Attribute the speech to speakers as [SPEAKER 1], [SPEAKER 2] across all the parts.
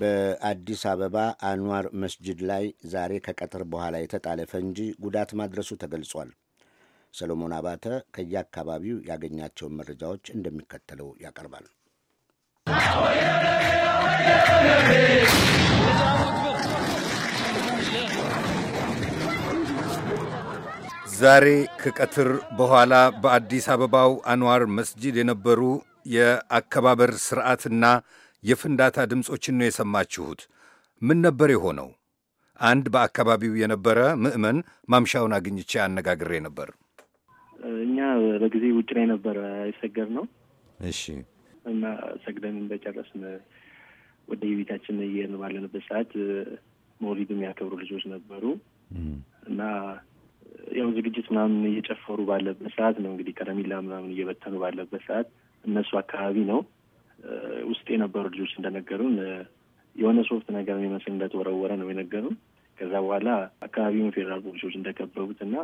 [SPEAKER 1] በአዲስ አበባ አንዋር መስጂድ ላይ ዛሬ ከቀትር በኋላ የተጣለ ፈንጂ ጉዳት ማድረሱ ተገልጿል። ሰሎሞን አባተ ከየአካባቢው ያገኛቸውን መረጃዎች እንደሚከተለው ያቀርባል። ዛሬ ከቀትር በኋላ በአዲስ አበባው አንዋር መስጂድ የነበሩ የአከባበር ስርዓትና የፍንዳታ ድምፆችን ነው የሰማችሁት። ምን ነበር የሆነው? አንድ በአካባቢው የነበረ ምዕመን ማምሻውን አግኝቼ አነጋግሬ ነበር።
[SPEAKER 2] እኛ በጊዜ ውጭ ላይ ነበር የሰገር ነው። እሺ። እና ሰግደን እንደጨረስን ወደ የቤታችን እየሄድን ባለንበት ሰዓት መውሊድ የሚያከብሩ ልጆች ነበሩ እና ያው ዝግጅት ምናምን እየጨፈሩ ባለበት ሰዓት ነው እንግዲህ ከረሜላ ምናምን እየበተኑ ባለበት ሰዓት እነሱ አካባቢ ነው ውስጥ የነበሩ ልጆች እንደነገሩን የሆነ ሶፍት ነገር የሚመስል እንደተወረወረ ነው የነገሩን። ከዛ በኋላ አካባቢውን ፌዴራል ፖሊሶች እንደከበቡት እና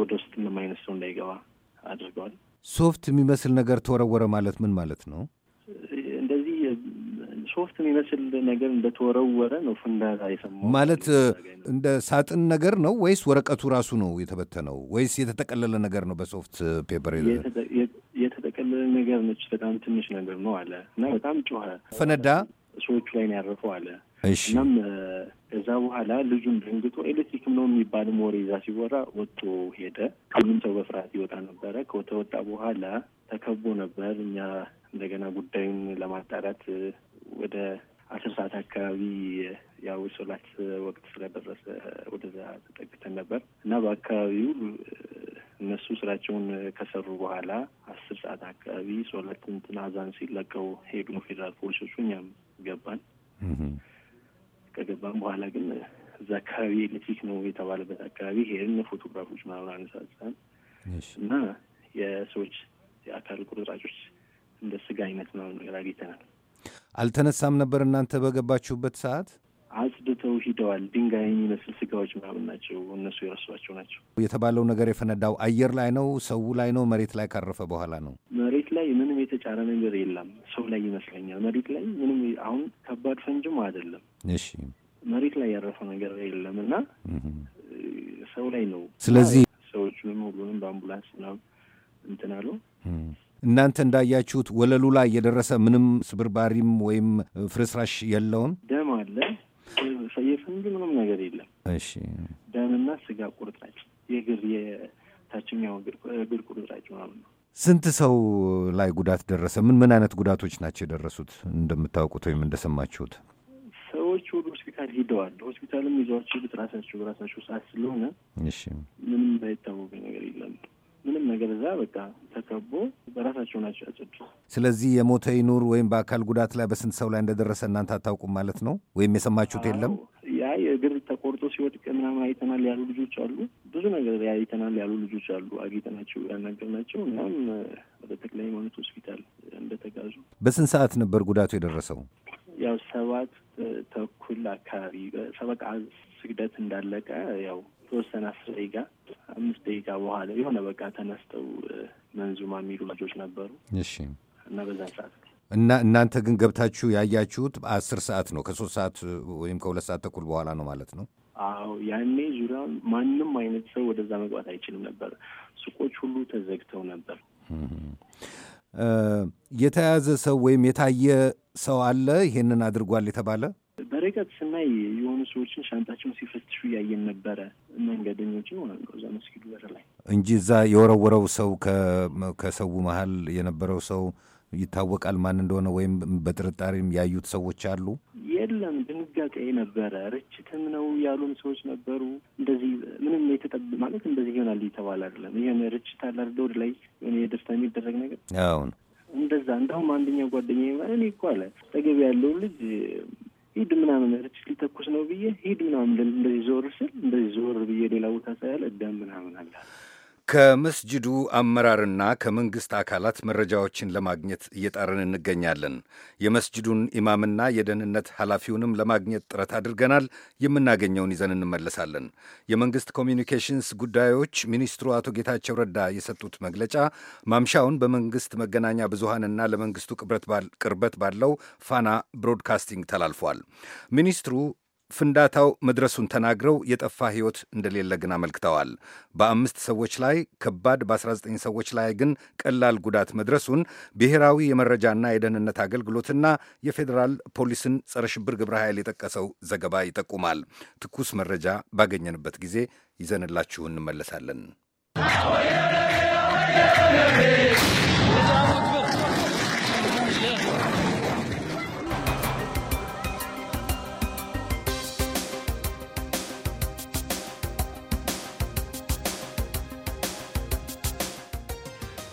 [SPEAKER 2] ወደ ውስጥ ምንም አይነት ሰው እንዳይገባ አድርገዋል።
[SPEAKER 1] ሶፍት የሚመስል ነገር ተወረወረ ማለት ምን ማለት ነው?
[SPEAKER 2] እንደዚህ ሶፍት የሚመስል ነገር እንደተወረወረ ነው ፍንዳታ የሰማሁት።
[SPEAKER 1] ማለት እንደ ሳጥን ነገር ነው ወይስ ወረቀቱ ራሱ ነው የተበተነው? ወይስ የተጠቀለለ ነገር ነው በሶፍት ፔፐር
[SPEAKER 2] ነገር ነች፣ በጣም ትንሽ ነገር ነው አለ እና በጣም ጮኸ፣ ፈነዳ፣ ሰዎቹ ላይ ነው ያረፈው አለ። እናም ከዛ በኋላ ልጁን ደንግጦ ኤሌክትሪክም ነው የሚባል ወሬ ይዛ ሲወራ ወጥቶ ሄደ። ሁሉም ሰው በፍርሃት ይወጣ ነበረ። ከተወጣ በኋላ ተከቦ ነበር። እኛ እንደገና ጉዳዩን ለማጣራት ወደ አስር ሰዓት አካባቢ ያው ሶላት ወቅት ስለደረሰ ወደዛ ተጠግተን ነበር እና በአካባቢው እነሱ ስራቸውን ከሰሩ በኋላ አስር ሰዓት አካባቢ ሶላት እንትን አዛን ሲለቀው ሄዱ ፌዴራል ፖሊሶቹ። እኛም ገባን። ከገባን በኋላ ግን እዛ አካባቢ ኤሌክትሪክ ነው የተባለበት አካባቢ ሄድን። ፎቶግራፎች ምናምን አነሳሳን እና የሰዎች የአካል ቁርጥራጮች እንደ ስጋ አይነት ምናምን ነገር አግኝተናል።
[SPEAKER 1] አልተነሳም ነበር እናንተ በገባችሁበት ሰዓት
[SPEAKER 2] አጽድተው ሂደዋል። ድንጋይ የሚመስል ስጋዎች ምናምን ናቸው እነሱ የረሷቸው ናቸው።
[SPEAKER 1] የተባለው ነገር የፈነዳው አየር ላይ ነው፣ ሰው ላይ ነው፣ መሬት ላይ ካረፈ በኋላ ነው።
[SPEAKER 2] መሬት ላይ ምንም የተጫረ ነገር የለም። ሰው ላይ ይመስለኛል። መሬት ላይ ምንም አሁን ከባድ ፈንጅም አይደለም። እሺ መሬት ላይ ያረፈ ነገር የለም እና ሰው ላይ ነው። ስለዚህ ሰዎቹንም ሁሉንም በአምቡላንስ ምናምን እንትን
[SPEAKER 1] እናንተ እንዳያችሁት ወለሉ ላይ የደረሰ ምንም ስብርባሪም ወይም ፍርስራሽ የለውም።
[SPEAKER 2] የፈንጅ ምንም ነገር የለም። እሺ ደምና ስጋ ቁርጥራጭ፣ የእግር የታችኛው እግር ቁርጥራጭ ማለት ነው።
[SPEAKER 1] ስንት ሰው ላይ ጉዳት ደረሰ? ምን ምን አይነት ጉዳቶች ናቸው የደረሱት? እንደምታውቁት ወይም እንደሰማችሁት
[SPEAKER 2] ሰዎች ወደ ሆስፒታል ሂደዋል። ሆስፒታልም ይዘዋቸው ራሳቸው በራሳቸው ሰዓት ስለሆነ ምንም ባይታወቅ ነገር የለም። ምንም ነገር እዛ በቃ ተከቦ በራሳቸው ናቸው ያጸዱ።
[SPEAKER 1] ስለዚህ የሞተ ይኑር ወይም በአካል ጉዳት ላይ በስንት ሰው ላይ እንደደረሰ እናንተ አታውቁም ማለት ነው? ወይም የሰማችሁት የለም?
[SPEAKER 2] ያ የእግር ተቆርጦ ሲወድቅ ምናምን አይተናል ያሉ ልጆች አሉ። ብዙ ነገር አይተናል ያሉ ልጆች አሉ። አግኝተናቸው ያናገርናቸው እናም ወደ ተክለ ሃይማኖት ሆስፒታል እንደተጋዙ።
[SPEAKER 1] በስንት ሰዓት ነበር ጉዳቱ የደረሰው?
[SPEAKER 2] ያው ሰባት ተኩል አካባቢ ሰበቃ ስግደት እንዳለቀ ያው ተወሰነ አስር ደቂቃ አምስት ደቂቃ በኋላ የሆነ በቃ ተነስተው መንዙማ የሚሉ ልጆች ነበሩ። እሺ። እና በዛ ሰዓት
[SPEAKER 1] እና እናንተ ግን ገብታችሁ ያያችሁት አስር ሰዓት ነው ከሶስት ሰዓት ወይም ከሁለት ሰዓት ተኩል በኋላ ነው ማለት ነው?
[SPEAKER 2] አዎ ያኔ ዙሪያ ማንም አይነት ሰው ወደዛ መግባት አይችልም ነበር። ሱቆች ሁሉ ተዘግተው ነበር።
[SPEAKER 1] የተያዘ ሰው ወይም የታየ ሰው አለ ይሄንን አድርጓል የተባለ
[SPEAKER 2] በርቀት ስናይ የሆኑ ሰዎችን ሻንጣቸውን ሲፈትሹ እያየን ነበረ፣ መንገደኞችን ማለት ነው። እዛ መስጊዱ በር ላይ
[SPEAKER 1] እንጂ እዛ የወረወረው ሰው ከሰው መሀል የነበረው ሰው ይታወቃል ማን እንደሆነ ወይም በጥርጣሬም ያዩት ሰዎች አሉ?
[SPEAKER 2] የለም። ድንጋጤ ነበረ። ርችትም ነው ያሉን ሰዎች ነበሩ። እንደዚህ ምንም የተጠብ ማለት እንደዚህ ይሆናል የተባለ አይደለም። ይህን ርችት አለ ወደ ላይ የሆነ የደስታ የሚደረግ ነገር አሁን እንደዛ። እንደውም አንደኛ ጓደኛ እኔ እኮ አለ አጠገብ ያለው ልጅ ሂድ ምናምን እህትሽ ሊተኩስ ነው ብዬ ሂድ ምናምን እንደዚህ ዞር ስል እንደዚህ ዞር ብዬ ሌላ ቦታ ሳያለ እዳም ምናምን አለ
[SPEAKER 1] ከመስጅዱ አመራርና ከመንግሥት አካላት መረጃዎችን ለማግኘት እየጣርን እንገኛለን። የመስጅዱን ኢማምና የደህንነት ኃላፊውንም ለማግኘት ጥረት አድርገናል። የምናገኘውን ይዘን እንመለሳለን። የመንግሥት ኮሚኒኬሽንስ ጉዳዮች ሚኒስትሩ አቶ ጌታቸው ረዳ የሰጡት መግለጫ ማምሻውን በመንግሥት መገናኛ ብዙሃንና ለመንግሥቱ ቅርበት ባለው ፋና ብሮድካስቲንግ ተላልፏል። ሚኒስትሩ ፍንዳታው መድረሱን ተናግረው የጠፋ ሕይወት እንደሌለ ግን አመልክተዋል። በአምስት ሰዎች ላይ ከባድ፣ በ19 ሰዎች ላይ ግን ቀላል ጉዳት መድረሱን ብሔራዊ የመረጃና የደህንነት አገልግሎትና የፌዴራል ፖሊስን ጸረ ሽብር ግብረ ኃይል የጠቀሰው ዘገባ ይጠቁማል። ትኩስ መረጃ ባገኘንበት ጊዜ ይዘንላችሁ እንመለሳለን።